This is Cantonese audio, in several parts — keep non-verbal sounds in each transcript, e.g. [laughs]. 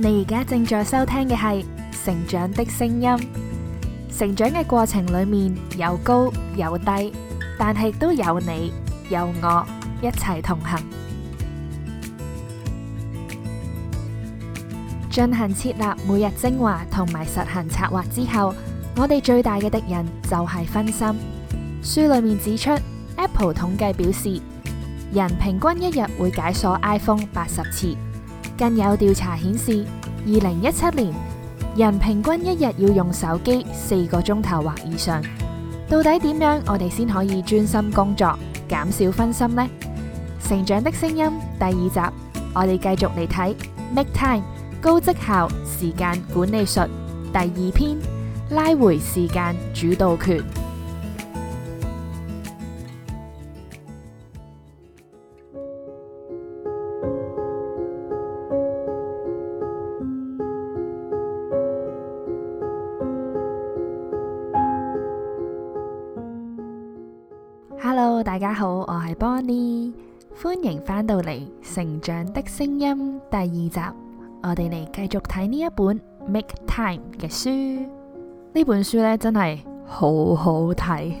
你而家正在收聽嘅係《成長的聲音》。成長嘅過程裏面有高有低，但係都有你有我一齊同行。進行設立每日精華同埋實行策劃之後，我哋最大嘅敵人就係分心。書裏面指出，Apple 統計表示，人平均一日會解鎖 iPhone 八十次。更有調查顯示，二零一七年人平均一日要用手機四個鐘頭或以上。到底點樣我哋先可以專心工作，減少分心呢？成長的聲音第二集，我哋繼續嚟睇。Make Time，高績效時間管理術第二篇，拉回時間主導權。大家好，我係 Bonnie 歡迎返到嚟《成長的聲音》第二集，我哋嚟繼續睇呢一本《Make Time》嘅書。呢本書呢，真係好好睇，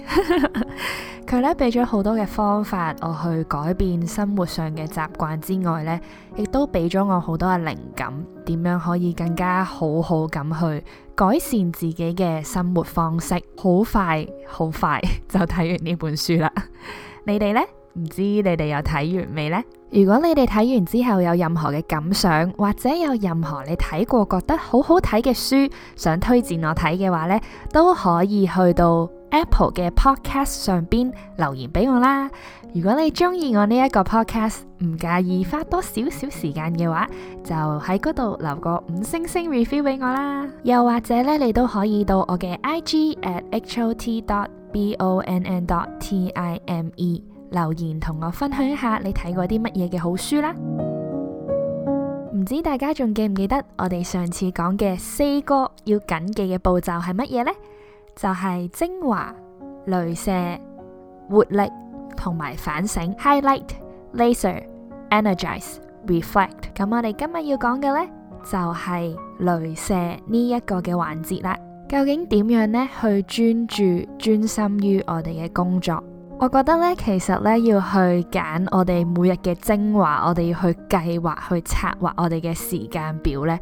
佢 [laughs] 呢俾咗好多嘅方法我去改變生活上嘅習慣之外呢，亦都俾咗我好多嘅靈感，點樣可以更加好好咁去。改善自己嘅生活方式，好快好快就睇完呢本書啦。 [laughs] 你哋呢？唔知你哋有睇完未呢？如果你哋睇完之後有任何嘅感想，或者有任何你睇過覺得好好睇嘅書，想推薦我睇嘅話呢，都可以去到 Apple 嘅 Podcast 上邊留言俾我啦。如果你中意我呢一個 podcast，唔介意花多少少時間嘅話，就喺嗰度留個五星星 review 俾我啦。又或者呢，你都可以到我嘅 IG at hot dot b o n n dot t i m e 留言，同我分享一下你睇過啲乜嘢嘅好書啦。唔知大家仲記唔記得我哋上次講嘅四個要緊記嘅步驟係乜嘢呢？就係、是、精華、鐳射、活力。同埋反省，highlight，laser，energize，reflect。咁我哋今日要講嘅呢就係雷射呢一個嘅環節啦。究竟點樣呢去專注專心於我哋嘅工作？我覺得呢其實呢要去揀我哋每日嘅精華，我哋要去計劃去策劃我哋嘅時間表呢，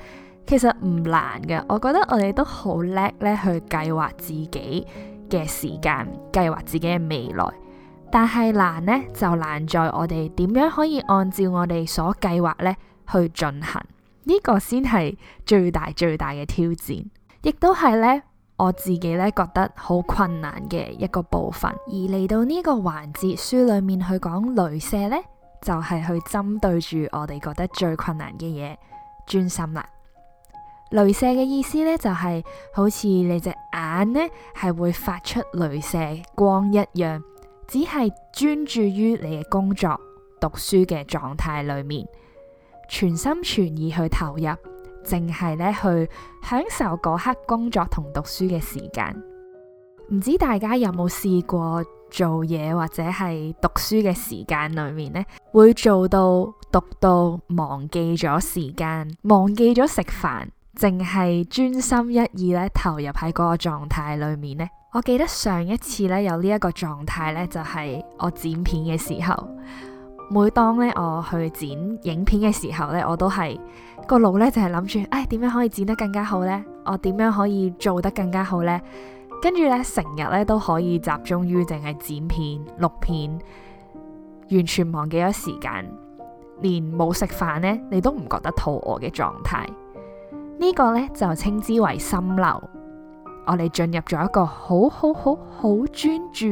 其實唔難㗎。我覺得我哋都好叻呢去計劃自己嘅時間，計劃自己嘅未來。但係難呢，就難在我哋點樣可以按照我哋所計劃呢去進行呢個，先係最大最大嘅挑戰，亦都係呢我自己呢覺得好困難嘅一個部分。而嚟到呢個環節，書裏面去講鐳射呢，就係去針對住我哋覺得最困難嘅嘢專心啦。鐳射嘅意思呢，就係好似你隻眼呢係會發出鐳射光一樣。只係專注於你嘅工作、讀書嘅狀態裏面，全心全意去投入，淨係咧去享受嗰刻工作同讀書嘅時間。唔知大家有冇試過做嘢或者係讀書嘅時間裏面呢，會做到讀到忘記咗時間，忘記咗食飯？淨係專心一意咧，投入喺嗰個狀態裏面呢。我記得上一次咧，有呢一個狀態呢，就係我剪片嘅時候。每當咧我去剪影片嘅時候呢，我都係個腦呢，就係諗住，唉點樣可以剪得更加好呢？我點樣可以做得更加好呢？跟住呢，成日咧都可以集中於淨係剪片錄片，完全忘記咗時間，連冇食飯呢，你都唔覺得肚餓嘅狀態。呢個呢，就稱之為心流，我哋進入咗一個好好好好專注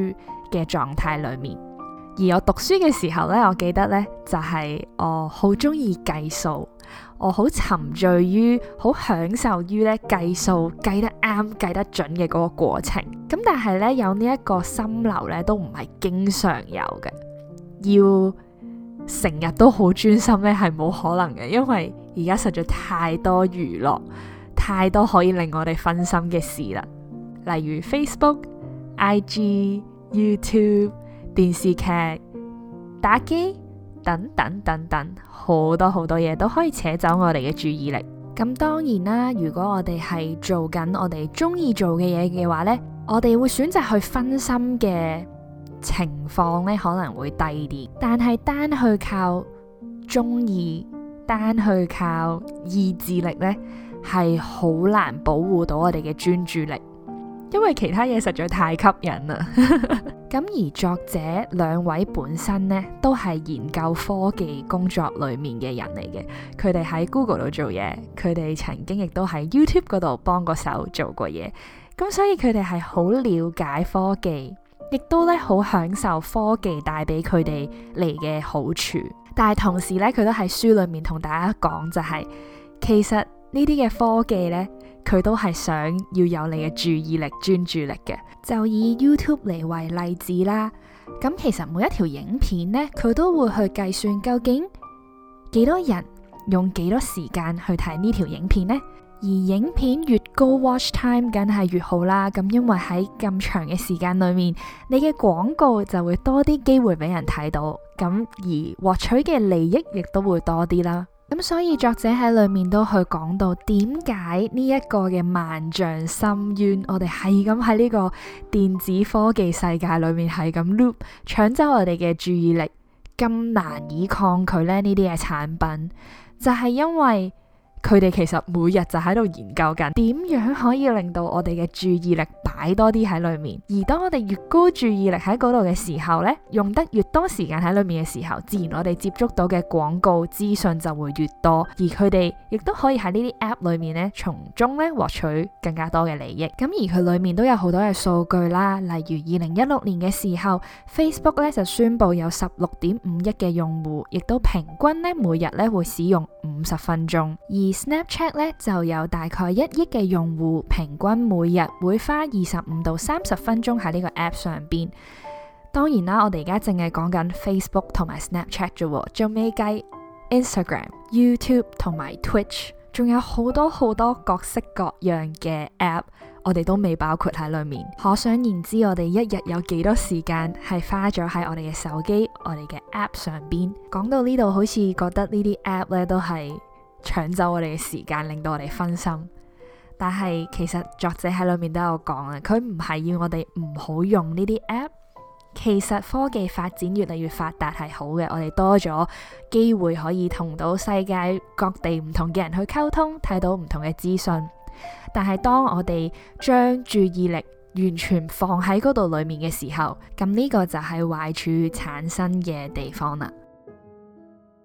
嘅狀態裏面。而我讀書嘅時候呢，我記得呢，就係我好中意計數，我好沉醉於好享受於呢計數計得啱，計得準嘅嗰個過程。咁但係呢，有呢一個心流呢，都唔係經常有嘅，要。成日都好專心咧，係冇可能嘅，因為而家實在太多娛樂，太多可以令我哋分心嘅事啦。例如 Facebook、IG、YouTube、電視劇、打機等等等等，好多好多嘢都可以扯走我哋嘅注意力。咁當然啦，如果我哋係做緊我哋中意做嘅嘢嘅話呢，我哋會選擇去分心嘅。情況咧可能會低啲，但係單去靠中意，單去靠意志力咧係好難保護到我哋嘅專注力，因為其他嘢實在太吸引啦。咁 [laughs] 而作者兩位本身咧都係研究科技工作裏面嘅人嚟嘅，佢哋喺 Google 度做嘢，佢哋曾經亦都喺 YouTube 嗰度幫過手做過嘢，咁所以佢哋係好了解科技。亦都咧好享受科技帶俾佢哋嚟嘅好處，但係同時咧佢都喺書裏面同大家講就係，其實呢啲嘅科技呢，佢都係想要有你嘅注意力、專注力嘅，就以 YouTube 嚟為例子啦，咁其實每一條影片呢，佢都會去計算究竟幾多人用幾多時間去睇呢條影片呢。而影片越高 watch time，梗係越好啦。咁因為喺咁長嘅時間裏面，你嘅廣告就會多啲機會俾人睇到。咁而獲取嘅利益亦都會多啲啦。咁所以作者喺裏面都去講到，點解呢一個嘅萬象深淵，我哋係咁喺呢個電子科技世界裏面係咁 loop，搶走我哋嘅注意力，咁難以抗拒咧呢啲嘅產品，就係因為。佢哋其實每日就喺度研究緊點樣可以令到我哋嘅注意力擺多啲喺裡面，而當我哋越高注意力喺嗰度嘅時候呢，用得越多時間喺裡面嘅時候，自然我哋接觸到嘅廣告資訊就會越多，而佢哋亦都可以喺呢啲 App 裏面呢，從中咧獲取更加多嘅利益。咁而佢裏面都有好多嘅數據啦，例如二零一六年嘅時候，Facebook 咧就宣布有十六點五億嘅用戶，亦都平均呢每日咧會使用五十分鐘，Snapchat 咧就有大概一億嘅用戶，平均每日會花二十五到三十分鐘喺呢個 App 上邊。當然啦，我哋而家淨係講緊 Facebook 同埋 Snapchat 啫，仲未計 Instagram、YouTube 同埋 Twitch，仲有好多好多各式各樣嘅 App，我哋都未包括喺裏面。可想而知，我哋一日有幾多時間係花咗喺我哋嘅手機、我哋嘅 App 上邊？講到呢度，好似覺得呢啲 App 咧都係。搶走我哋嘅時間，令到我哋分心。但係其實作者喺裏面都有講啊，佢唔係要我哋唔好用呢啲 app。其實科技發展越嚟越發達係好嘅，我哋多咗機會可以同到世界各地唔同嘅人去溝通，睇到唔同嘅資訊。但係當我哋將注意力完全放喺嗰度裏面嘅時候，咁呢個就係壞處產生嘅地方啦。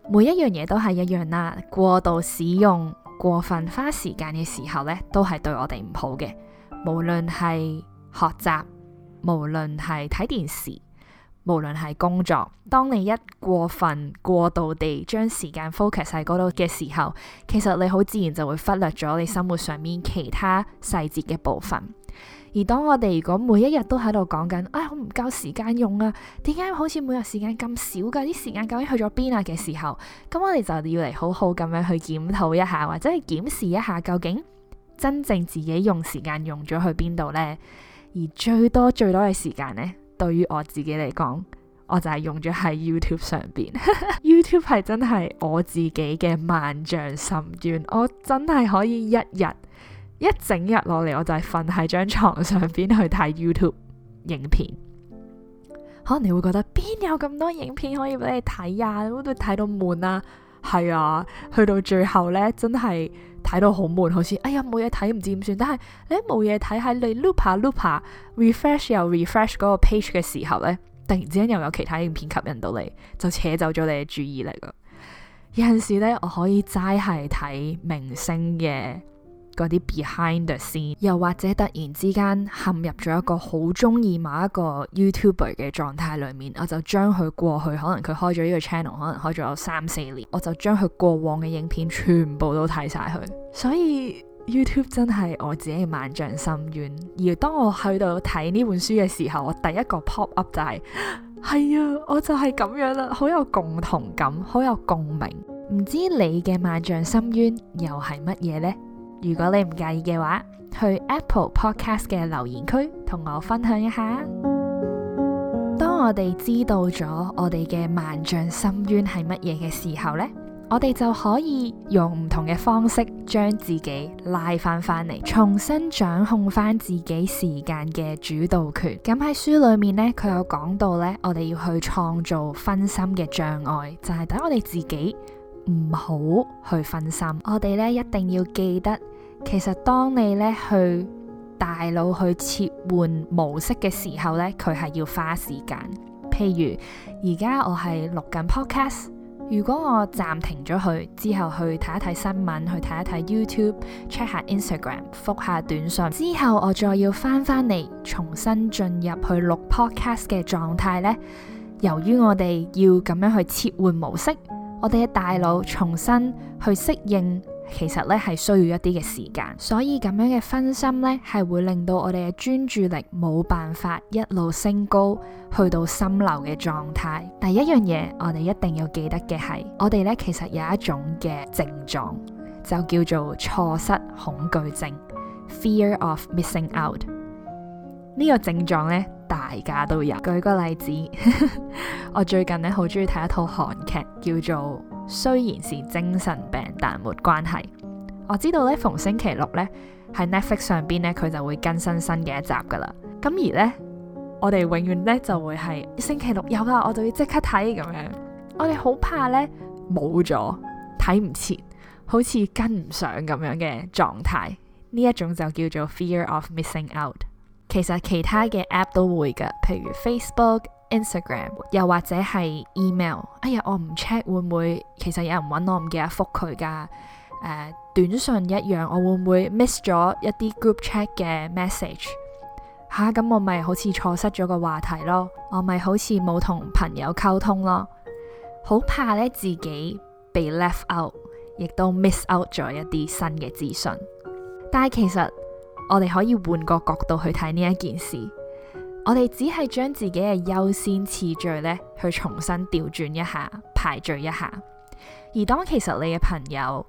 每一樣嘢都係一樣啦，過度使用、過分花時間嘅時候呢，都係對我哋唔好嘅。無論係學習，無論係睇電視，無論係工作，當你一過分、過度地將時間 focus 喺嗰度嘅時候，其實你好自然就會忽略咗你生活上面其他細節嘅部分。而當我哋如果每一日都喺度講緊，唉、哎，好唔夠時間用啊，點解好似每日時間咁少噶、啊？啲時間究竟去咗邊啊？嘅時候，咁我哋就要嚟好好咁樣去檢討一下，或者係檢視一下，究竟真正自己用時間用咗去邊度呢？而最多最多嘅時間呢，對於我自己嚟講，我就係用咗喺 you [laughs] YouTube 上邊。YouTube 係真係我自己嘅萬丈深淵，我真係可以一日。一整日落嚟，我就係瞓喺張床上邊去睇 YouTube 影片。可能你會覺得邊有咁多影片可以俾你睇啊？你會唔會睇到悶啊？係啊，去到最後呢，真係睇到好悶，好似哎呀冇嘢睇，唔知點算。但係你冇嘢睇，喺你 loop 下 loop 下，refresh 又 refresh 嗰個 page 嘅時候呢，突然之間又有其他影片吸引到你，就扯走咗你嘅注意力啦。有陣時呢，我可以齋係睇明星嘅。嗰啲 behind the scene，又或者突然之間陷入咗一個好中意某一個 YouTuber 嘅狀態裏面，我就將佢過去可能佢開咗呢個 channel，可能開咗有三四年，我就將佢過往嘅影片全部都睇晒佢。所以 YouTube 真係我自己嘅萬丈深淵。而當我去到睇呢本書嘅時候，我第一個 pop up 就係、是、係啊，我就係咁樣啦，好有共同感，好有共鳴。唔知你嘅萬丈深淵又係乜嘢呢？如果你唔介意嘅話，去 Apple Podcast 嘅留言區同我分享一下。當我哋知道咗我哋嘅萬丈深淵係乜嘢嘅時候呢，我哋就可以用唔同嘅方式將自己拉翻翻嚟，重新掌控翻自己時間嘅主導權。咁喺書裏面呢，佢有講到呢，我哋要去創造分心嘅障礙，就係等我哋自己唔好去分心，我哋呢，一定要記得。其實，當你咧去大腦去切換模式嘅時候呢，佢係要花時間。譬如而家我係錄緊 Podcast，如果我暫停咗佢，之後去睇一睇新聞，去睇一睇 YouTube，check 下 Instagram，復下短信，之後我再要翻返嚟重新進入去錄 Podcast 嘅狀態呢，由於我哋要咁樣去切換模式，我哋嘅大腦重新去適應。其實咧係需要一啲嘅時間，所以咁樣嘅分心呢係會令到我哋嘅專注力冇辦法一路升高，去到心流嘅狀態。第一樣嘢我哋一定要記得嘅係，我哋呢其實有一種嘅症狀就叫做錯失恐懼症 （Fear of Missing Out）。呢個症狀呢，大家都有。舉個例子， [laughs] 我最近呢好中意睇一套韓劇，叫做。雖然是精神病，但冇關係。我知道咧，逢星期六咧喺 Netflix 上面咧，佢就會更新新嘅一集噶啦。咁而呢，我哋永遠咧就會係星期六有啦，我就要即刻睇咁樣。我哋好怕咧冇咗，睇唔切，好似跟唔上咁樣嘅狀態。呢一種就叫做 Fear of Missing Out。其實其他嘅 App 都會噶，譬如 Facebook。Instagram 又或者係 email，哎呀，我唔 check 會唔會，其實有人搵我唔記得覆佢噶？誒，短信一樣，我會唔會 miss 咗一啲 group chat 嘅 message？吓、啊，咁我咪好似錯失咗個話題咯，我咪好似冇同朋友溝通咯，好怕咧自己被 left out，亦都 miss out 咗一啲新嘅資訊。但係其實我哋可以換個角度去睇呢一件事。我哋只係將自己嘅優先次序呢去重新調轉一下，排序一下。而當其實你嘅朋友、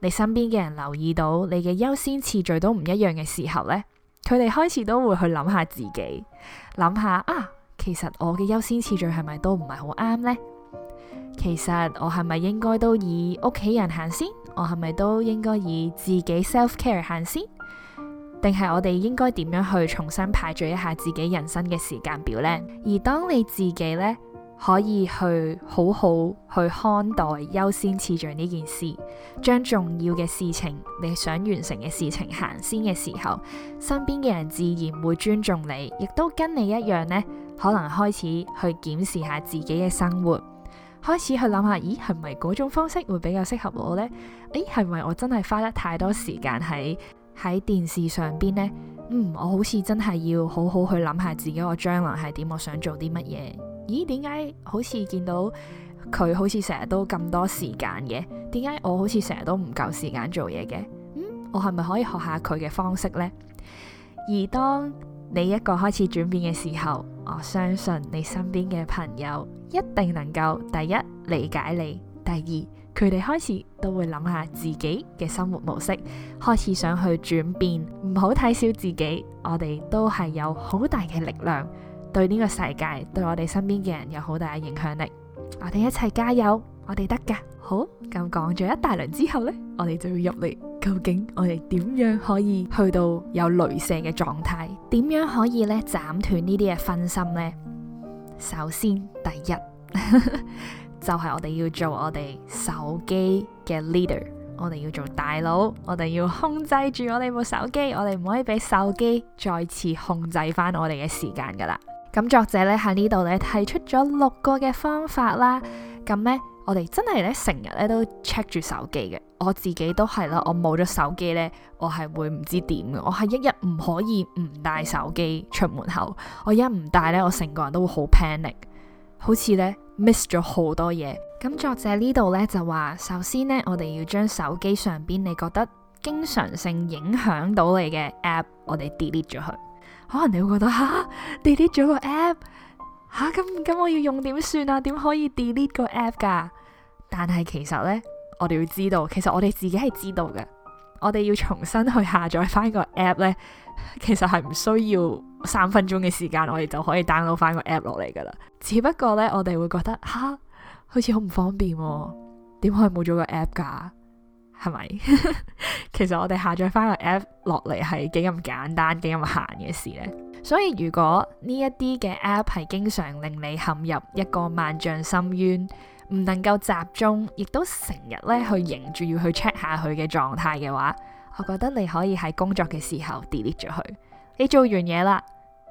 你身邊嘅人留意到你嘅優先次序都唔一樣嘅時候，呢佢哋開始都會去諗下自己，諗下啊，其實我嘅優先次序係咪都唔係好啱呢？其實我係咪應該都以屋企人行先？我係咪都應該以自己 self-care 行先？定係我哋應該點樣去重新排序一下自己人生嘅時間表呢？而當你自己呢，可以去好好去看待優先次序呢件事，將重要嘅事情、你想完成嘅事情行先嘅時候，身邊嘅人自然會尊重你，亦都跟你一樣呢，可能開始去檢視下自己嘅生活，開始去諗下，咦，係咪嗰種方式會比較適合我呢？誒，係咪我真係花得太多時間喺喺電視上邊呢，嗯，我好似真係要好好去諗下自己個將來係點，我想做啲乜嘢？咦，點解好似見到佢好似成日都咁多時間嘅？點解我好似成日都唔夠時間做嘢嘅？嗯，我係咪可以學下佢嘅方式呢？而當你一個開始轉變嘅時候，我相信你身邊嘅朋友一定能夠第一理解你，第二。佢哋開始都會諗下自己嘅生活模式，開始想去轉變，唔好睇小自己。我哋都係有好大嘅力量，對呢個世界，對我哋身邊嘅人有好大嘅影響力。我哋一齊加油，我哋得㗎。好，咁講咗一大輪之後呢，我哋就要入嚟。究竟我哋點樣可以去到有雷射嘅狀態？點樣可以呢斬斷呢啲嘅分心呢？首先，第一。就係我哋要做我哋手機嘅 leader，我哋要做大佬，我哋要控制住我哋部手機，我哋唔可以俾手機再次控制翻我哋嘅時間噶啦。咁作者咧喺呢度咧提出咗六個嘅方法啦。咁呢，我哋真係咧成日咧都 check 住手機嘅，我自己都係啦。我冇咗手機呢，我係會唔知點嘅。我係一日唔可以唔帶手機出門口，我一唔帶呢，我成個人都會 pan 好 panic，好似呢。miss 咗好多嘢，咁作者呢度呢就話，首先呢，我哋要將手機上邊你覺得經常性影響到你嘅 app，我哋 delete 咗佢。可能你會覺得吓，delete 咗個 app，吓咁咁我要用點算啊？點可以 delete 個 app 噶？但係其實呢，我哋要知道，其實我哋自己係知道嘅。我哋要重新去下載翻個 app 呢，其實係唔需要三分鐘嘅時間，我哋就可以 download 翻個 app 落嚟噶啦。只不過呢，我哋會覺得吓，好似好唔方便、啊，點可以冇咗個 app 噶？係咪？ [laughs] 其實我哋下載翻個 app 落嚟係幾咁簡單，幾咁閒嘅事呢。所以如果呢一啲嘅 app 係經常令你陷入一個萬丈深淵。唔能夠集中，亦都成日咧去迎住要去 check 下佢嘅狀態嘅話，我覺得你可以喺工作嘅時候 delete 咗佢。你做完嘢啦，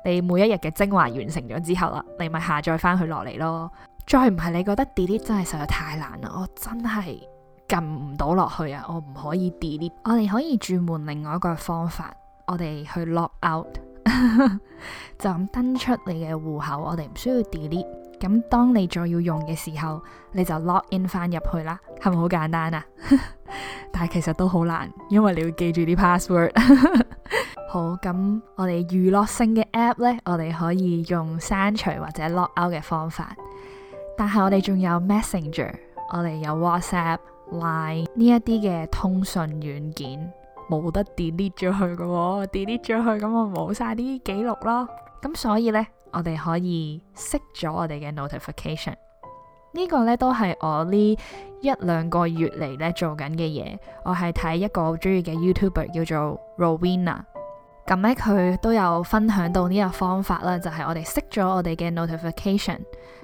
你每一日嘅精華完成咗之後啦，你咪下載翻佢落嚟咯。再唔係你覺得 delete 真係實在太難啊，我真係撳唔到落去啊，我唔可以 delete。我哋可以轉換另外一個方法，我哋去 log out， [laughs] 就咁登出你嘅戶口，我哋唔需要 delete。咁當你再要用嘅時候，你就 log in 翻入去啦，係咪好簡單啊？ [laughs] 但係其實都好難，因為你要記住啲 password。 [laughs] 好，咁我哋娛樂性嘅 app 呢，我哋可以用刪除或者 log out 嘅方法。但係我哋仲有 Messenger，我哋有 WhatsApp、Line 呢一啲嘅通訊軟件，冇得 delete 咗佢㗎，delete 咗佢咁我冇晒啲記錄咯。咁所以呢。我哋可以熄咗我哋嘅 notification，呢、這個呢都係我呢一兩個月嚟，呢做緊嘅嘢。我係睇一個好中意嘅 YouTuber 叫做 Rowena，咁呢，佢都有分享到呢個方法啦，就係、是、我哋熄咗我哋嘅 notification，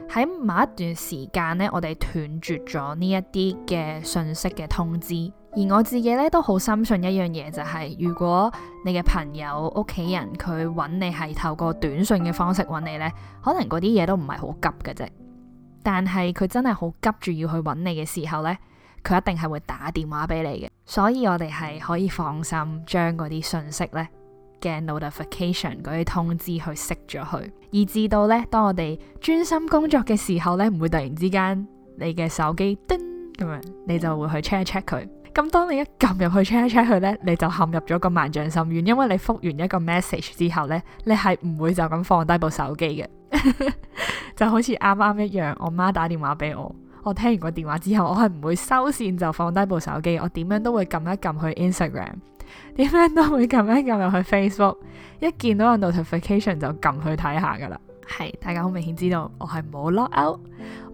喺某一段時間呢，我哋斷絕咗呢一啲嘅信息嘅通知。而我自己咧都好深信一樣嘢、就是，就係如果你嘅朋友屋企人佢揾你係透過短信嘅方式揾你呢，可能嗰啲嘢都唔係好急嘅啫。但係佢真係好急住要去揾你嘅時候呢，佢一定係會打電話俾你嘅。所以我哋係可以放心將嗰啲信息呢嘅 notification 嗰啲通知去熄咗佢，以至到呢，當我哋專心工作嘅時候呢，唔會突然之間你嘅手機叮咁樣，你就會去 check 一 check 佢。咁當你一撳入去 check 一 check 去呢，你就陷入咗個萬丈深淵。因為你覆完一個 message 之後呢，你係唔會就咁放低部手機嘅， [laughs] 就好似啱啱一樣。我媽打電話俾我，我聽完個電話之後，我係唔會收線就放低部手機，我點樣都會撳一撳去 Instagram，點樣都會撳一撳入去 Facebook。一見到個 notification 就撳去睇下噶啦。係大家好明顯知道，我係冇 lock out，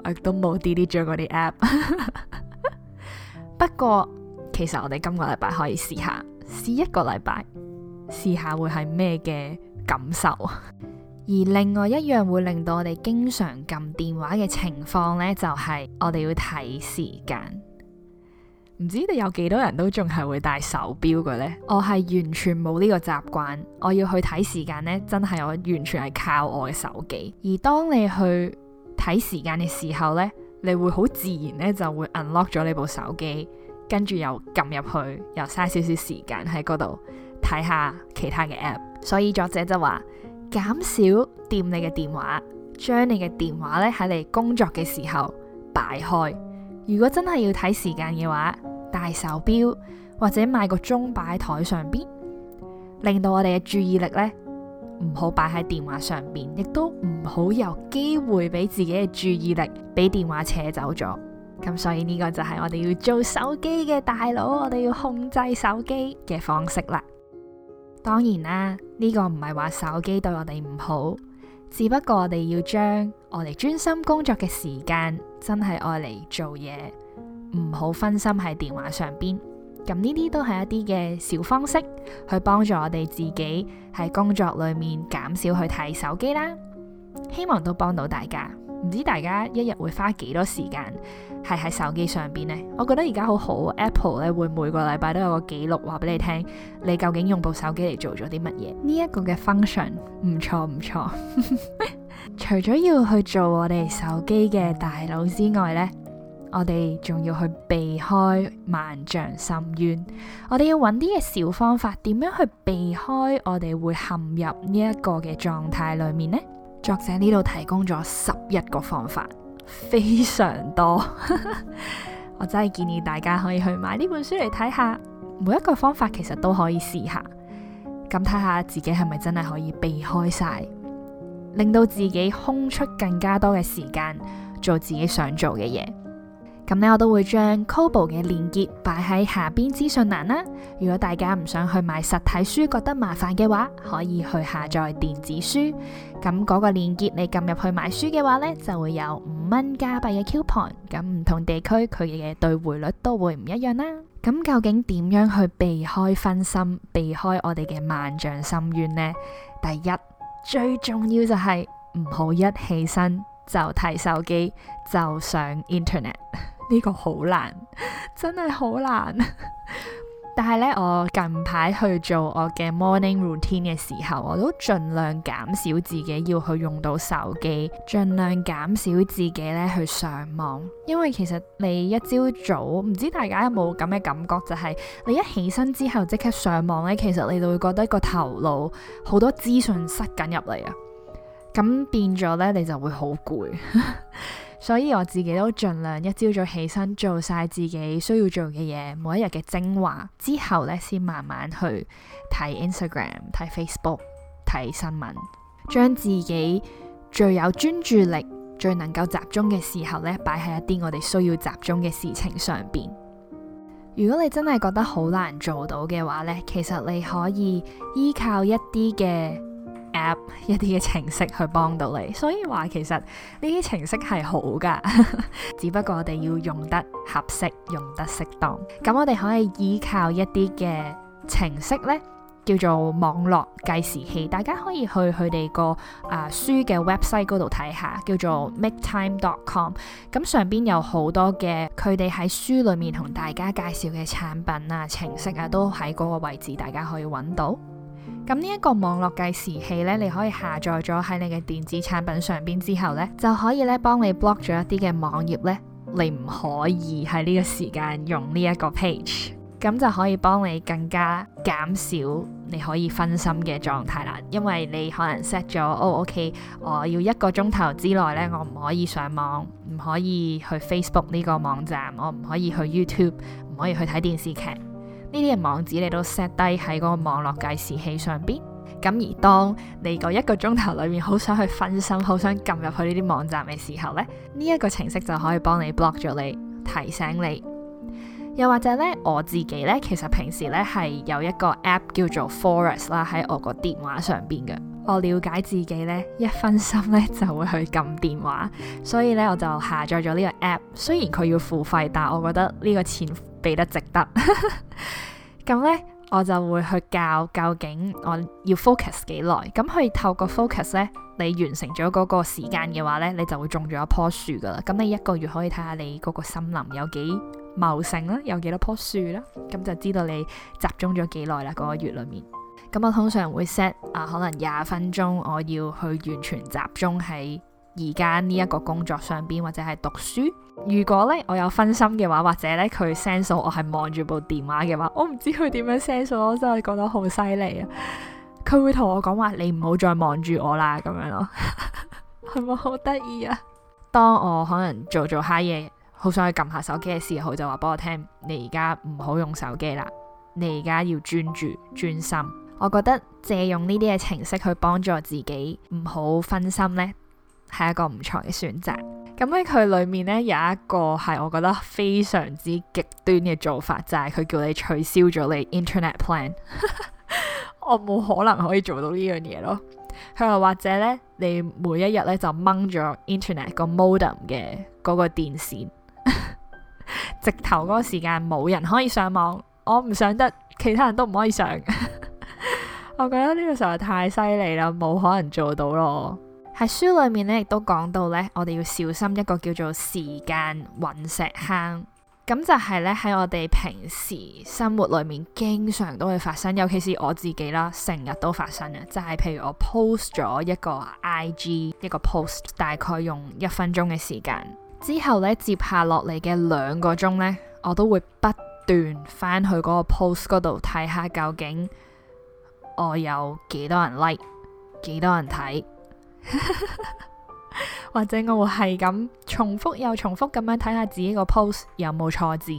我亦都冇 delete 咗嗰啲 app。 [laughs] 不過。其實我哋今個禮拜可以試下，試一個禮拜，試下會係咩嘅感受。 [laughs] 而另外一樣會令到我哋經常撳電話嘅情況呢，就係我哋要睇時間。唔知你有幾多人都仲係會戴手錶嘅呢？我係完全冇呢個習慣。我要去睇時間呢，真係我完全係靠我嘅手機。而當你去睇時間嘅時候呢，你會好自然呢就會 unlock 咗你部手機。跟住又撳入去，又嘥少少時間喺嗰度睇下其他嘅 App，所以作者就話減少掂你嘅電話，將你嘅電話咧喺你工作嘅時候擺開。如果真係要睇時間嘅話，戴手錶或者買個鐘擺喺台上邊，令到我哋嘅注意力咧唔好擺喺電話上邊，亦都唔好有機會俾自己嘅注意力俾電話扯走咗。咁所以呢個就係我哋要做手機嘅大佬，我哋要控制手機嘅方式啦。當然啦，呢個唔係話手機對我哋唔好，只不過我哋要將我哋專心工作嘅時間，真係愛嚟做嘢，唔好分心喺電話上邊。咁呢啲都係一啲嘅小方式，去幫助我哋自己喺工作裏面減少去睇手機啦。希望都幫到大家。唔知大家一日會花幾多時間係喺手機上邊呢？我覺得而家好好，Apple 咧會每個禮拜都有個記錄話俾你聽，你究竟用部手機嚟做咗啲乜嘢？呢一個嘅 function 唔錯唔錯。 [laughs] 除咗要去做我哋手機嘅大佬之外呢，我哋仲要去避開萬丈深淵。我哋要揾啲嘅小方法，點樣去避開我哋會陷入呢一個嘅狀態裏面呢？作者呢度提供咗十一個方法，非常多， [laughs] 我真係建議大家可以去買呢本書嚟睇下，每一個方法其實都可以試下，咁睇下自己係咪真係可以避開晒，令到自己空出更加多嘅時間做自己想做嘅嘢。咁呢，我都會將 KOBO 嘅鏈接擺喺下邊資訊欄啦。如果大家唔想去買實體書，覺得麻煩嘅話，可以去下載電子書。咁嗰個鏈接你撳入去買書嘅話呢，就會有五蚊加幣嘅 coupon。咁唔同地區佢嘅兌換率都會唔一樣啦。咁究竟點樣去避開分心，避開我哋嘅萬丈深淵呢？第一，最重要就係唔好一起身就睇手機，就上 internet。呢個好難，真係好難。 [laughs] 但係呢，我近排去做我嘅 morning routine 嘅時候，我都盡量減少自己要去用到手機，盡量減少自己呢去上網。因為其實你一朝早，唔知大家有冇咁嘅感覺，就係你一起身之後即刻上網呢，其實你就會覺得個頭腦好多資訊塞緊入嚟啊，咁變咗呢，你就會好攰。 [laughs] 所以我自己都盡量一朝早起身做晒自己需要做嘅嘢，每一日嘅精華之後呢，先慢慢去睇 Instagram、睇 Facebook、睇新聞，將自己最有專注力、最能夠集中嘅時候呢，擺喺一啲我哋需要集中嘅事情上面。如果你真係覺得好難做到嘅話呢，其實你可以依靠一啲嘅。App 一啲嘅程式去幫到你，所以話，其實呢啲程式係好噶， [laughs] 只不過我哋要用得合適，用得適當。咁我哋可以依靠一啲嘅程式呢，叫做網絡計時器。大家可以去佢哋個啊書嘅 website 嗰度睇下，叫做 MakeTime.com。咁上邊有好多嘅，佢哋喺書裏面同大家介紹嘅產品啊、程式啊，都喺嗰個位置，大家可以揾到。咁呢一個網絡計時器呢，你可以下載咗喺你嘅電子產品上邊之後呢，就可以咧幫你 block 咗一啲嘅網頁呢，你唔可以喺呢個時間用呢一個 page，咁就可以幫你更加減少你可以分心嘅狀態啦。因為你可能 set 咗，哦，OK，我要一個鐘頭之內呢，我唔可以上網，唔可以去 Facebook 呢個網站，我唔可以去 YouTube，唔可以去睇電視劇。呢啲嘅網址你都 set 低喺嗰個網絡計時器上邊，咁而當你個一個鐘頭裏面好想去分心、好想撳入去呢啲網站嘅時候呢，呢一個程式就可以幫你 block 咗你，提醒你。又或者呢，我自己呢，其實平時呢係有一個 app 叫做 Forest 啦，喺我個電話上邊嘅。我了解自己呢，一分心呢就會去撳電話，所以呢，我就下載咗呢個 app。雖然佢要付費，但係我覺得呢個錢，畀得值得， [laughs] 咁呢，我就會去教究竟我要 focus 幾耐，咁可以透過 focus 呢，你完成咗嗰個時間嘅話呢，你就會種咗一樖樹噶啦。咁你一個月可以睇下你嗰個森林有幾茂盛啦，有幾多樖樹啦，咁就知道你集中咗幾耐啦。嗰、那個月裏面，咁我通常會 set 啊、呃，可能廿分鐘我要去完全集中喺。而家呢一個工作上邊，或者係讀書，如果咧我有分心嘅話，或者咧佢 sense 我係望住部電話嘅話，我唔知佢點樣 sense 我真係覺得好犀利啊！佢會同我講話，你唔好再望住我啦，咁樣咯，係咪好得意啊？當我可能做做下嘢，好想去撳下手機嘅時候，就話俾我聽，你而家唔好用手機啦，你而家要專注專心。我覺得借用呢啲嘅程式，去幫助自己唔好分心呢，係一個唔錯嘅選擇。咁喺佢裏面呢，有一個係我覺得非常之極端嘅做法，就係佢叫你取消咗你 internet plan。 [laughs] 我冇可能可以做到呢樣嘢咯。佢又或者呢，你每一日呢就掹咗 internet 個 modem 嘅嗰個電線， [laughs] 直頭嗰個時間冇人可以上網，我唔上得，其他人都唔可以上。 [laughs] 我覺得呢個實在太犀利啦，冇可能做到咯。喺書裏面咧，亦都講到咧，我哋要小心一個叫做時間隕石坑。咁就係咧，喺我哋平時生活裏面經常都會發生，尤其是我自己啦，成日都發生嘅。就係、是、譬如我 post 咗一個 IG 一個 post，大概用一分鐘嘅時間，之後咧，接下落嚟嘅兩個鐘咧，我都會不斷翻去嗰個 post 嗰度睇下究竟我有幾多人 like，幾多人睇。 [laughs] 或者我會係咁重複又重複咁樣睇下自己個 post 有冇錯字，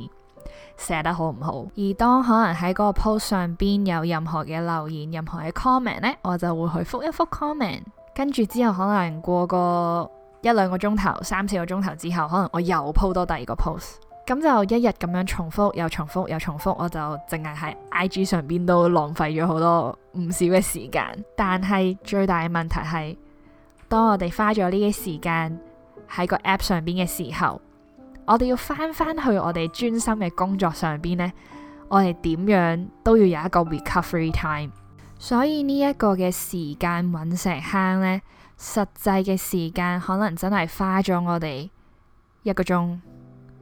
寫得好唔好，而當可能喺嗰個 post 上邊有任何嘅留言，任何嘅 comment 呢，我就會去復一復 comment，跟住之後可能過個一兩個鐘頭，三四個鐘頭之後，可能我又 po 多第二個 post，咁就一日咁樣重複又重複又重複，我就淨係喺 IG 上邊都浪費咗好多唔少嘅時間。但係最大嘅問題係。當我哋花咗呢啲時間喺個 app 上邊嘅時候，我哋要翻返去我哋專心嘅工作上邊呢，我哋點樣都要有一個 recovery time。所以呢一個嘅時間揾石慳呢，實際嘅時間可能真係花咗我哋一個鐘、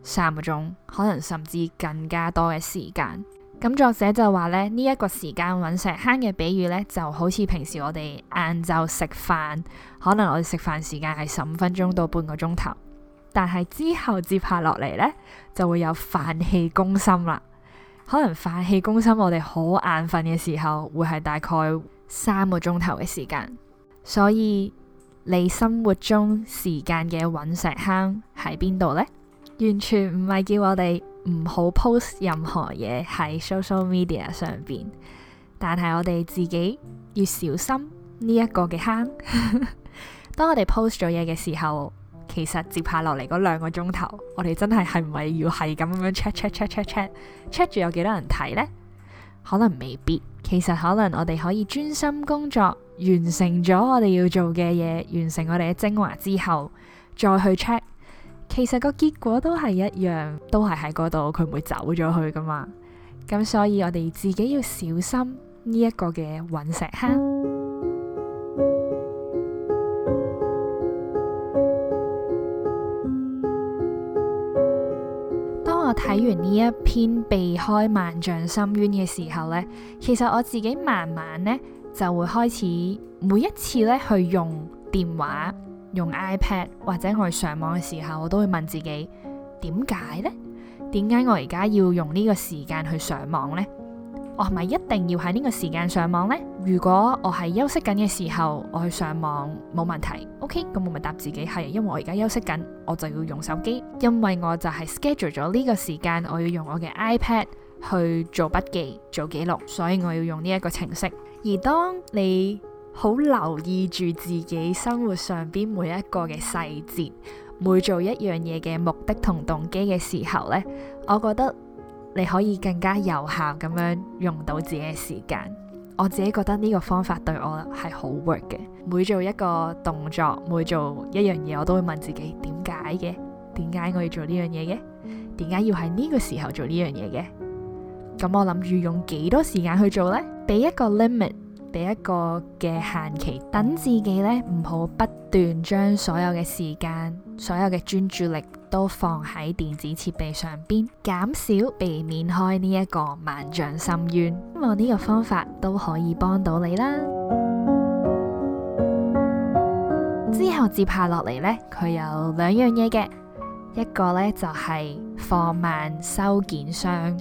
三個鐘，可能甚至更加多嘅時間。咁作者就話呢，呢、呢、一個時間隕石坑嘅比喻呢，就好似平時我哋晏晝食飯，可能我哋食飯時間係十五分鐘到半個鐘頭，但係之後接下落嚟呢，就會有飯氣攻心啦。可能飯氣攻心，我哋好眼瞓嘅時候，會係大概三個鐘頭嘅時間。所以你生活中時間嘅隕石坑喺邊度呢？完全唔係叫我哋。唔好 post 任何嘢喺 social media 上邊，但係我哋自己要小心呢一個嘅坑。 [laughs] 當我哋 post 咗嘢嘅時候，其實接下落嚟嗰兩個鐘頭，我哋真係係唔係要係咁樣 check check check check check check 住有幾多人睇呢？可能未必。其實可能我哋可以專心工作，完成咗我哋要做嘅嘢，完成我哋嘅精華之後，再去 check。其實個結果都係一樣，都係喺嗰度，佢唔會走咗去噶嘛。咁所以我哋自己要小心呢一個嘅隕石哈。 [music] 當我睇完呢一篇避開萬丈深淵嘅時候呢，其實我自己慢慢呢就會開始每一次呢去用電話。用 iPad 或者我去上網嘅時候，我都會問自己，點解呢？點解我而家要用呢個時間去上網呢？我係咪一定要喺呢個時間上網呢？如果我係休息緊嘅時候，我去上網冇問題。OK，咁我咪答自己係，因為我而家休息緊，我就要用手機，因為我就係 schedule 咗呢個時間，我要用我嘅 iPad 去做筆記、做記錄，所以我要用呢一個程式。而當你，好留意住自己生活上邊每一個嘅細節，每做一樣嘢嘅目的同動機嘅時候呢，我覺得你可以更加有效咁樣用到自己嘅時間。我自己覺得呢個方法對我係好 work 嘅。每做一個動作，每做一樣嘢，我都會問自己點解嘅？點解我要做呢樣嘢嘅？點解要喺呢個時候做呢樣嘢嘅？咁我諗住用幾多時間去做呢？俾一個 limit。俾一個嘅限期，等自己呢，唔好不斷將所有嘅時間、所有嘅專注力都放喺電子設備上邊，減少避免開呢一個萬丈深淵。希望呢個方法都可以幫到你啦。之後接下落嚟呢，佢有兩樣嘢嘅，一個呢，就係、是、放慢收件箱。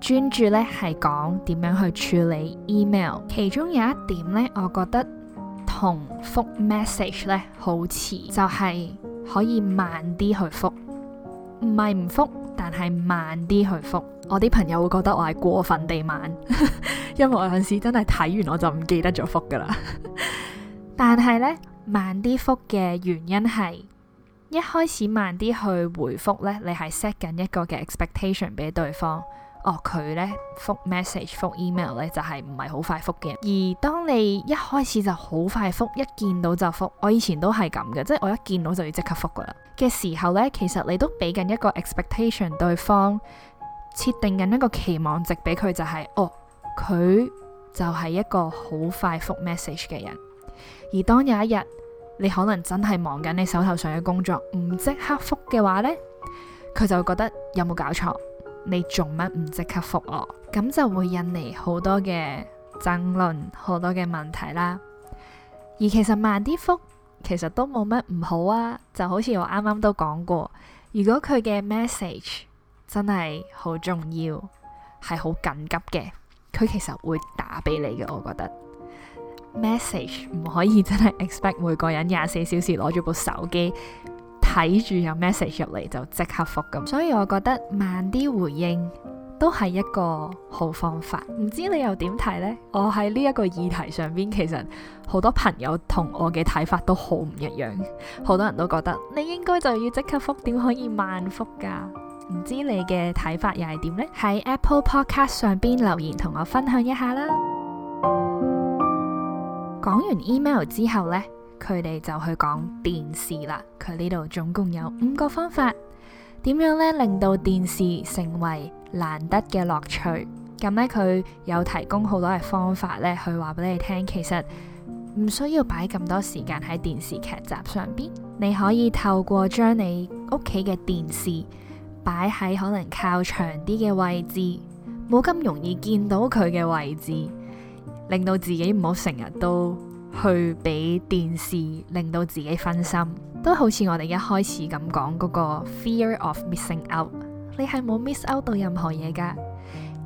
專注咧係講點樣去處理 email，其中有一點咧，我覺得同復 message 咧好似就係可以慢啲去復，唔係唔復，但係慢啲去復。我啲朋友會覺得我係過分地慢， [laughs] 因為我有陣時真係睇完我就唔記得咗復噶啦。但係咧，慢啲復嘅原因係一開始慢啲去回復咧，你係 set 緊一個嘅 expectation 俾對方。哦，佢咧覆 message、覆 email 咧就係唔係好快復嘅。而當你一開始就好快復，一見到就復，我以前都係咁嘅，即係我一見到就要即刻復噶啦。嘅時候呢，其實你都俾緊一個 expectation，對方設定緊一個期望值俾佢，就係哦，佢就係一個好快復 message 嘅人。而當有一日你可能真係忙緊你手頭上嘅工作，唔即刻復嘅話呢，佢就會覺得有冇搞錯？你做乜唔即刻復我？咁就會引嚟好多嘅爭論，好多嘅問題啦。而其實慢啲復，其實都冇乜唔好啊。就好似我啱啱都講過，如果佢嘅 message 真係好重要，係好緊急嘅，佢其實會打俾你嘅。我覺得 message 唔可以真係 expect 每個人廿四小時攞住部手機。睇住有 message 入嚟就即刻覆咁，所以我覺得慢啲回應都係一個好方法。唔知你又點睇呢？我喺呢一個議題上邊，其實好多朋友同我嘅睇法都好唔一樣。好多人都覺得你應該就要即刻覆，點可以慢覆㗎？唔知你嘅睇法又係點呢？喺 Apple Podcast 上邊留言同我分享一下啦。講完 email 之後呢。佢哋就去講電視啦，佢呢度總共有五個方法，點樣咧令到電視成為難得嘅樂趣？咁咧佢有提供好多嘅方法咧，去話俾你聽，其實唔需要擺咁多時間喺電視劇集上邊，你可以透過將你屋企嘅電視擺喺可能靠牆啲嘅位置，冇咁容易見到佢嘅位置，令到自己唔好成日都。去俾電視令到自己分心，都好似我哋一開始咁講嗰個 fear of missing out。你係冇 miss out 到任何嘢噶，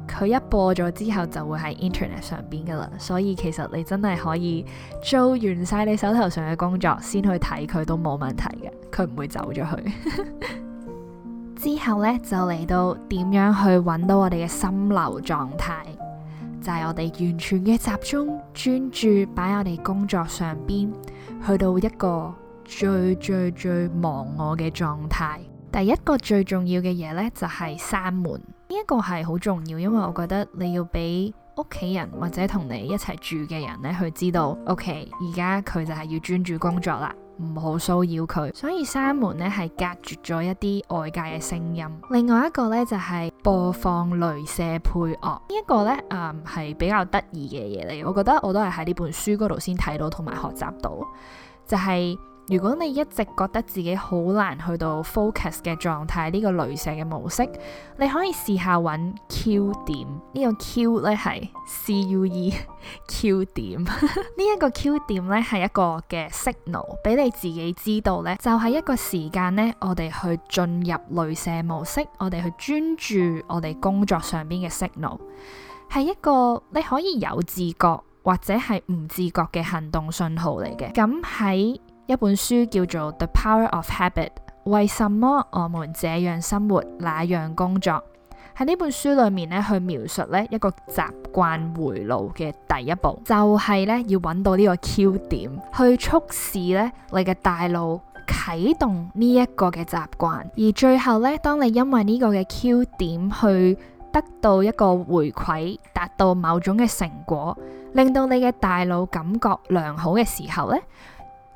佢一播咗之後就會喺 internet 上邊噶啦。所以其實你真係可以做完晒你手頭上嘅工作，先去睇佢都冇問題嘅。佢唔會走咗去。 [laughs] 之後呢，就嚟到點樣去揾到我哋嘅心流狀態。就係我哋完全嘅集中專注，擺我哋工作上邊，去到一個最最最最忘我嘅狀態。第一個最重要嘅嘢呢，就係、是、閂門，呢、這、一個係好重要，因為我覺得你要俾屋企人或者同你一齊住嘅人呢去知道，OK，而家佢就係要專注工作啦，唔好騷擾佢。所以閂門呢係隔絕咗一啲外界嘅聲音。另外一個呢，就係、是。播放鐳射配樂、這個、呢一個咧，啊、嗯，係比較得意嘅嘢嚟。我覺得我都係喺呢本書嗰度先睇到同埋學習到，就係、是。如果你一直覺得自己好難去到 focus 嘅狀態，呢、這個雷射嘅模式，你可以試下揾 Q 點呢、這個 Q 呢係 C U E [laughs] Q 點呢一 [laughs] 個 Q 點呢係一個嘅 signal 俾你自己知道呢就係、是、一個時間呢，我哋去進入雷射模式，我哋去專注我哋工作上邊嘅 signal，係一個你可以有自覺或者係唔自覺嘅行動信號嚟嘅。咁喺一本書叫做《The Power of Habit》。為什麼我們這樣生活、那樣工作？喺呢本書裏面咧，去描述咧一個習慣回路嘅第一步，就係咧要揾到呢個 Cue 點去促使咧你嘅大腦啟動呢一個嘅習慣。而最後咧，當你因為呢個嘅 Cue 點去得到一個回饋，達到某種嘅成果，令到你嘅大腦感覺良好嘅時候咧。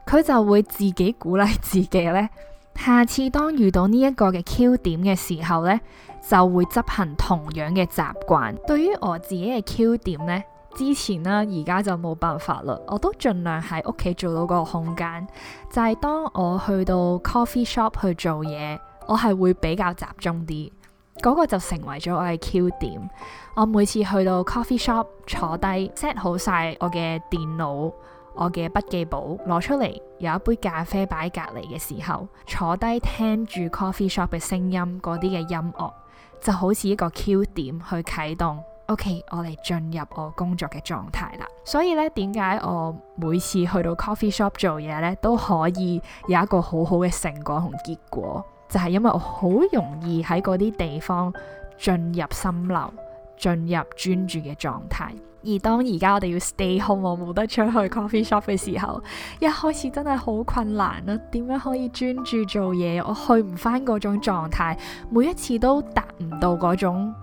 佢就會自己鼓勵自己呢。下次當遇到呢一個嘅 Cue 點嘅時候呢，就會執行同樣嘅習慣。對於我自己嘅 Cue 點呢，之前呢而家就冇辦法啦。我都盡量喺屋企做到個空間。就係當我去到 coffee shop 去做嘢，我係會比較集中啲。嗰個就成為咗我嘅 Cue 點。我每次去到 coffee shop 坐低 set 好晒我嘅電腦。我嘅筆記簿攞出嚟，有一杯咖啡擺隔籬嘅時候，坐低聽住 coffee shop 嘅聲音，嗰啲嘅音樂就好似一個 Cue 點去啟動。OK，我哋進入我工作嘅狀態啦。所以咧，點解我每次去到 coffee shop 做嘢咧，都可以有一個好好嘅成果同結果，就係、是、因為我好容易喺嗰啲地方進入心流，進入專注嘅狀態。而當而家我哋要 stay home，我冇得出去 coffee shop 嘅時候，一開始真係好困難啦。點樣可以專注做嘢？我去唔翻嗰種狀態，每一次都達唔到嗰種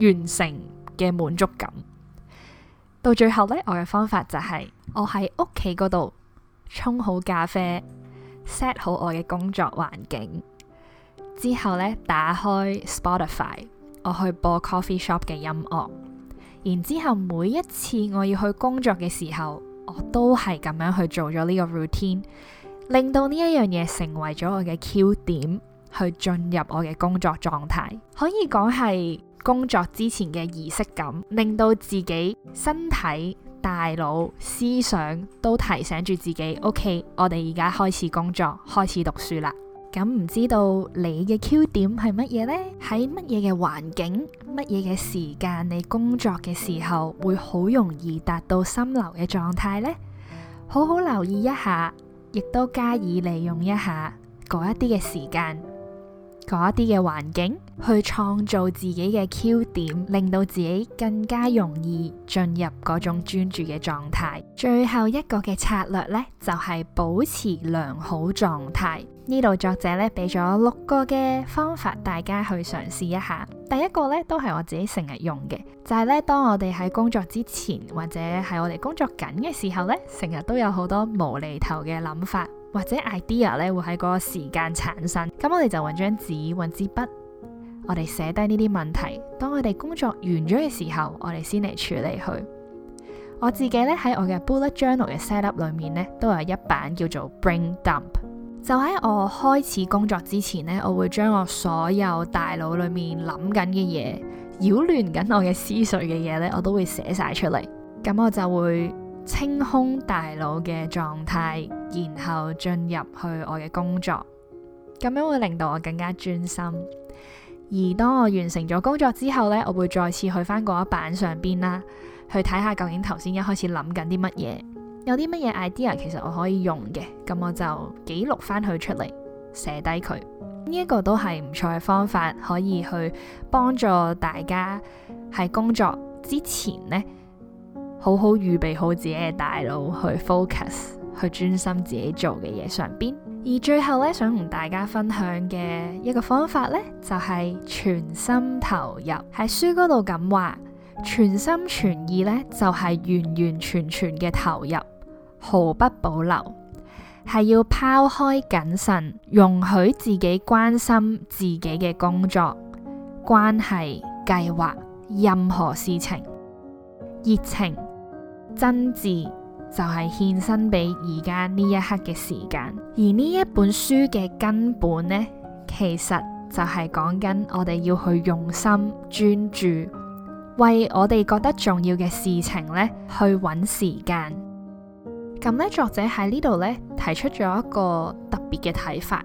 完成嘅滿足感。到最後呢，我嘅方法就係我喺屋企嗰度沖好咖啡，set 好我嘅工作環境，之後呢，打開 Spotify，我去播 coffee shop 嘅音樂。然之後每一次我要去工作嘅時候，我都係咁樣去做咗呢個 routine，令到呢一樣嘢成為咗我嘅 Cue 點，去進入我嘅工作狀態，可以講係工作之前嘅儀式感，令到自己身體、大腦、思想都提醒住自己，OK，我哋而家開始工作，開始讀書啦。咁唔知道你嘅 Cue 點係乜嘢呢？喺乜嘢嘅環境、乜嘢嘅時間，你工作嘅時候會好容易達到心流嘅狀態呢？好好留意一下，亦都加以利用一下嗰一啲嘅時間。嗰一啲嘅環境，去創造自己嘅 Cue 點，令到自己更加容易進入嗰種專注嘅狀態。最後一個嘅策略呢，就係保持良好狀態。呢度作者呢俾咗六個嘅方法，大家去嘗試一下。第一個呢，都係我自己成日用嘅，就係呢：當我哋喺工作之前或者係我哋工作緊嘅時候呢，成日都有好多無厘頭嘅諗法。或者 idea 咧，會喺嗰個時間產生，咁我哋就揾張紙，揾支筆，我哋寫低呢啲問題。當我哋工作完咗嘅時候，我哋先嚟處理佢。我自己咧喺我嘅 bullet journal 嘅 set up 裏面咧，都有一版叫做 brain dump。就喺我開始工作之前咧，我會將我所有大腦裏面諗緊嘅嘢、擾亂緊我嘅思緒嘅嘢咧，我都會寫晒出嚟。咁我就會。清空大腦嘅狀態，然後進入去我嘅工作，咁樣會令到我更加專心。而當我完成咗工作之後呢，我會再次去翻嗰一版上邊啦，去睇下究竟頭先一開始諗緊啲乜嘢？有啲乜嘢 idea 其實我可以用嘅？咁我就記錄翻佢出嚟，寫低佢。呢一個都係唔錯嘅方法，可以去幫助大家喺工作之前呢。好好預備好自己嘅大腦去 focus，去專心自己做嘅嘢上邊。而最後咧，想同大家分享嘅一個方法咧，就係全心投入。喺書嗰度咁話，全心全意咧就係完完全全嘅投入，毫不保留，係要拋開謹慎，容許自己關心自己嘅工作、關係、計劃、任何事情，熱情。真摯就係獻身俾而家呢一刻嘅時間，而呢一本書嘅根本呢，其實就係講緊我哋要去用心專注，為我哋覺得重要嘅事情呢去揾時間。咁呢，作者喺呢度呢提出咗一個特別嘅睇法，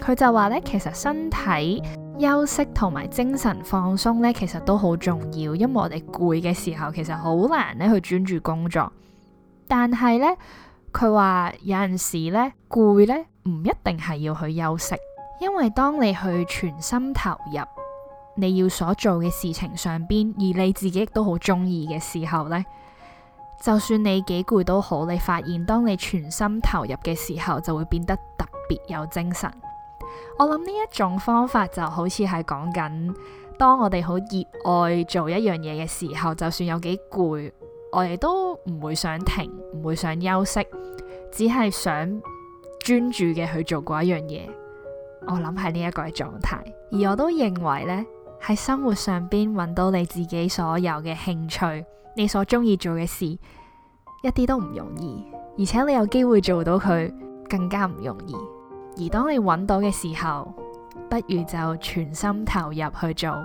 佢就話呢，其實身體。休息同埋精神放鬆呢，其實都好重要，因為我哋攰嘅時候，其實好難呢去專注工作。但係呢，佢話有陣時呢，攰呢唔一定係要去休息，因為當你去全心投入你要所做嘅事情上邊，而你自己亦都好中意嘅時候呢，就算你幾攰都好，你發現當你全心投入嘅時候，就會變得特別有精神。我諗呢一種方法就好似係講緊，當我哋好熱愛做一樣嘢嘅時候，就算有幾攰，我哋都唔會想停，唔會想休息，只係想專注嘅去做嗰一樣嘢。我諗係呢一個嘅狀態。而我都認為呢，喺生活上邊揾到你自己所有嘅興趣，你所中意做嘅事，一啲都唔容易，而且你有機會做到佢更加唔容易。而當你揾到嘅時候，不如就全心投入去做，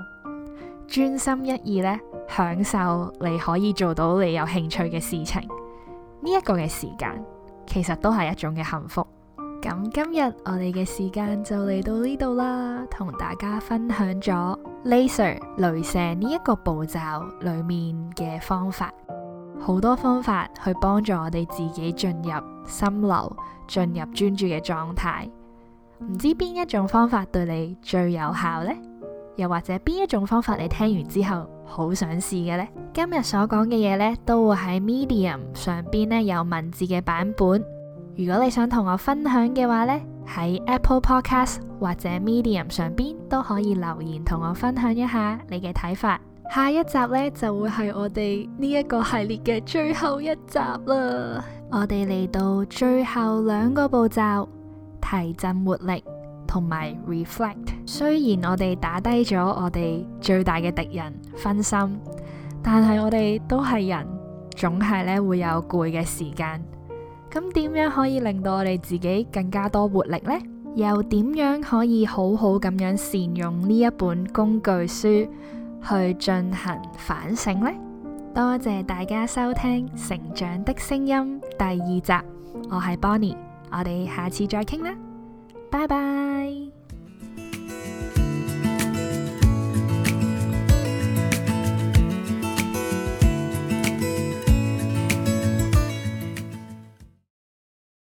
專心一意咧，享受你可以做到你有興趣嘅事情呢一個嘅時間，其實都係一種嘅幸福。咁今日我哋嘅時間就嚟到呢度啦，同大家分享咗 Laser 鐳射呢一個步驟裏面嘅方法，好多方法去幫助我哋自己進入心流，進入專注嘅狀態。唔知邊一種方法對你最有效呢？又或者邊一種方法你聽完之後好想試嘅呢？今日所講嘅嘢呢，都會喺 Medium 上邊呢有文字嘅版本。如果你想同我分享嘅話呢，喺 Apple Podcast 或者 Medium 上邊都可以留言同我分享一下你嘅睇法。下一集呢，就會係我哋呢一個系列嘅最後一集啦。我哋嚟到最後兩個步驟。提振活力同埋 reflect。雖然我哋打低咗我哋最大嘅敵人分心，但係我哋都係人，總係咧會有攰嘅時間。咁點樣可以令到我哋自己更加多活力呢？又點樣可以好好咁樣善用呢一本工具書去進行反省呢？多謝大家收聽《成長的聲音》第二集，我係 Bonnie。我哋下次再傾啦，拜拜。